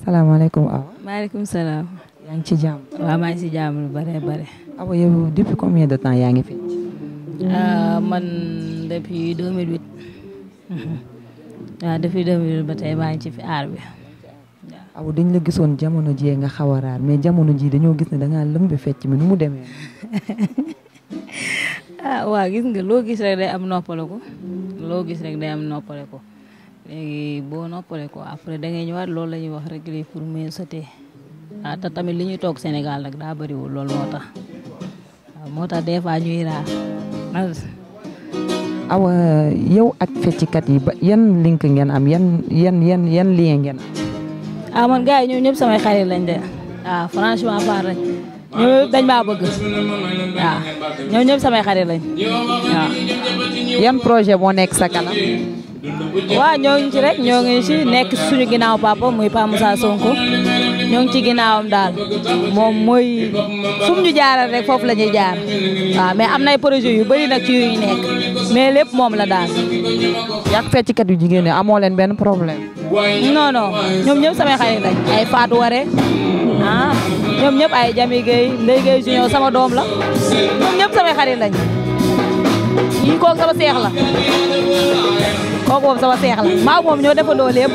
salaamaaleykum Awa. maaleykum salaam. yaa ngi ci jàmm. waaw maa ngi ci jàmm lu bare bare. Awa yow depuis combien de temps yaa ngi fi. Ah, man depuis 2008. waaw ah, ba tey maa ngi ci fi aar bi. Awa dañ la gisoon jamono jii nga xaw a raar mais jamono jii dañoo gis ne da ngaa bi fecc mi nu mu demee. ah waa gis nga loo gis rek day am noppale ko loo gis rek day am noppale ko. léegi boo noppale ko après dangay ngay ñëwaat loolu la ñuy wax réglé pour mieux sauter ah te tamit li ñuy toog Sénégal nag daa bëriwul loolu moo tax ah, moo tax des fois ñuy raar. Ah, awa yow ak feccikat yi ba yan link ngeen am yan yan yan yan lien ngeen am. ah man gars yi ñoom ñëpp samay xarit lañ de waaw ah, franchement parle ñoom dañ maa bëgg waaw ñoom ñëpp samay xarit lañ waaw. projet moo nekk sa kanam. waa ñoo ngi ci rek ñoo ci nekk suñu ginnaaw papa muy Papa Moussa Sonko ñoo ngi ci ginnaawam daal moom mooy fu mu ñu jaaral rek foofu la ñuy jaar waaw mais am nay projet yu bëri nag ci nekk mais lépp moom la daal. yàq fecckat yu jigéen ñi amoo leen benn problème. non non ñoom ñëpp samay xarit lañ ay Fatou Waré ah ñoom ay Jami Gueye sama doom la ñoom lañ yi kooku sama seex la. boobu sama seex la maa moom ñoo defandoo lépp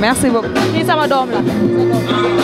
merci beaucoup kii sama doom la